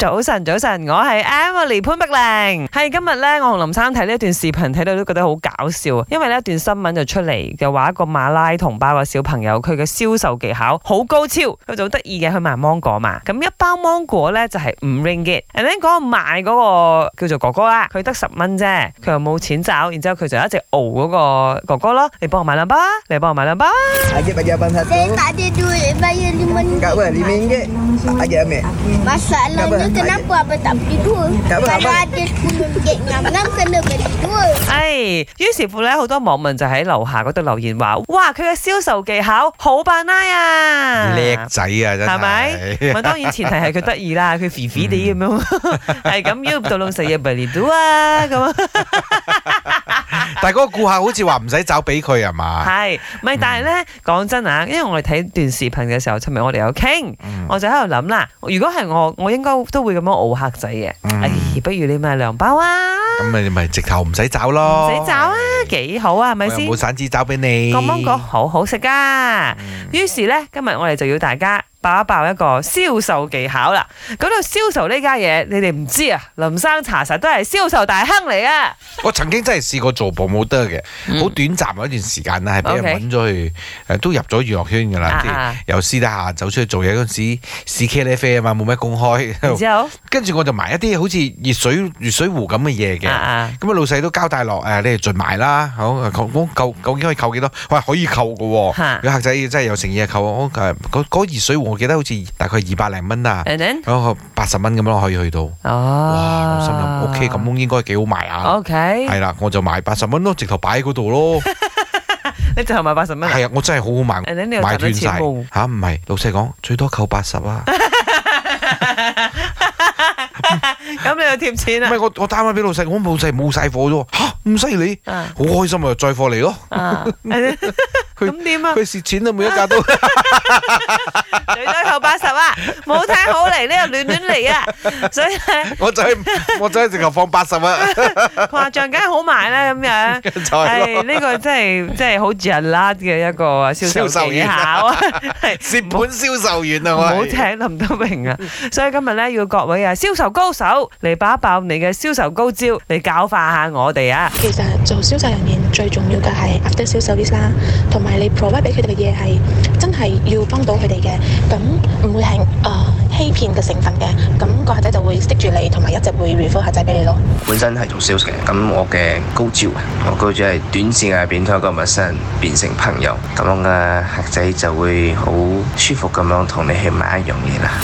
早晨，早晨，我係 Emily 潘碧玲。係今日咧，我同林生睇呢一段視頻，睇到都覺得好搞笑啊！因為咧一段新聞就出嚟，就話一個馬拉同胞個小朋友，佢嘅銷售技巧好高超，佢就好得意嘅去賣芒果嘛。咁一包芒果咧就係五 ringgit，人哋講買嗰個叫做哥哥啦，佢得十蚊啫，佢又冇錢找，然之後佢就一直熬嗰個哥哥咯，你幫我買兩包，你幫我買兩包，阿姐阿姐，幫我手，阿姐多謝你，阿姐你買，多謝你，阿姐阿姐，唔使，唔使。就諗掛咪抌住多，但係阿姐估唔極，諗諗先又咪多。係，於是乎咧，好多網民就喺樓下嗰度留言話：哇，佢嘅銷售技巧好扮拉啊，叻仔啊，係咪？咪當然前提係佢得意啦，佢肥肥哋咁樣，係咁要到老細又咪嚟多啊，咁啊。但係嗰個顧客好似話唔使找俾佢係咪？係， 咪但係咧，講真啊，因為我哋睇段視頻嘅時候，尋日我哋有傾，我就喺度諗啦。如果係我，我應該都會咁樣傲客仔嘅。哎，不如你買涼包啊！咁咪咪直頭唔使找咯，唔使找啊，幾好啊，係咪先？冇散紙找俾你，個芒果好好食噶。於、嗯、是咧，今日我哋就要大家爆一爆一個銷售技巧啦。講到銷售呢家嘢，你哋唔知啊。林生查實都係銷售大亨嚟啊！我曾經真係試過做部冇得嘅，好 短暫一段時間啦，係俾、嗯、人揾咗去，誒都入咗娛樂圈噶啦，有私底下走出去做嘢嗰陣時，私企咧飛啊嘛，冇咩公開。然之後，跟住我就買一啲好似熱水熱水壺咁嘅嘢嘅。咁啊，老細都交代落，誒，你哋盡賣啦，好，我夠究竟可以扣幾多？喂，可以扣㗎喎，有客仔真係有成嘢扣，我誒嗰嗰熱水壺，我記得好似大概二百零蚊啊，咁八十蚊咁樣可以去到，哇，我心諗，OK，咁應該幾好賣啊，OK，係啦，我就賣八十蚊咯，直頭擺喺嗰度咯，你最後賣八十蚊，係啊，我真係好好賣，賣斷曬嚇，唔係，老細講最多扣八十啊。咁你又貼錢啊？唔係，我我打翻俾老細，我冇晒冇晒貨啫。吓，咁犀利，好、啊啊、開心啊，再貨嚟咯。啊 咁點啊？佢蝕錢啦，每一格都最多扣八十啊！冇睇好嚟呢個亂亂嚟啊！所以我就係我就係直頭放八十啊！誇張梗係好賣啦咁樣。係呢個真係真係好似係拉嘅一個銷售技巧啊！蝕本銷售員啊！唔好請林德榮啊！所以今日咧要各位啊銷售高手嚟把爆你嘅銷售高招嚟教化下我哋啊！其實做銷售人員最重要嘅係 after sales 啲啦，同埋。係你 provide 俾佢哋嘅嘢係真係要幫到佢哋嘅，咁唔會係誒欺騙嘅成分嘅，咁、個客仔就會識住你，同埋一直會 refer 客仔俾你咯。本身係做 sales 嘅，咁我嘅高招，我高招係短暫嘅變通個陌生人變成朋友，咁樣嘅客仔就會好舒服咁樣同你去買一樣嘢啦。